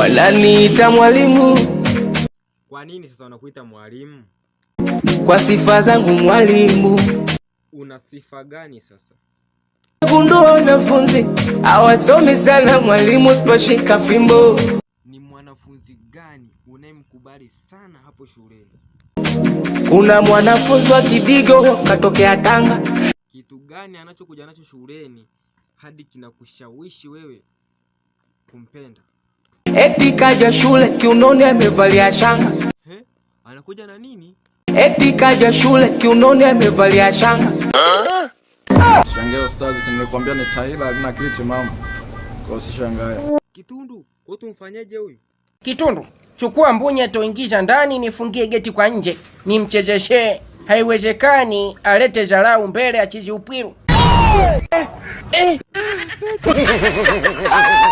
wananiita mwalimu. Kwa nini sasa wanakuita mwalimu? Kwa sifa zangu mwalimu. Una sifa gani sasa? Gundua wanafunzi hawasomi sana, mwalimu sipashika fimbo. Ni mwanafunzi gani unayemkubali sana hapo shuleni? Kuna mwanafunzi wa kibigo katokea Tanga. Kitu gani anachokuja nacho shuleni hadi kinakushawishi wewe kumpenda? Eti kaja shule kiunoni amevalia shanga. Eh? Anakuja na nini? Eti kaja shule kiunoni amevalia shanga. Shangeo Stars nimekuambia ni Tyler alina kiti mama. Kwa usishangae. Kitundu, kwa tumfanyaje huyu? Kitundu, chukua mbunya toingiza ndani nifungie geti kwa nje. Nimchezeshe. Haiwezekani alete zarau mbele achiji upwiru. Eh. Eh.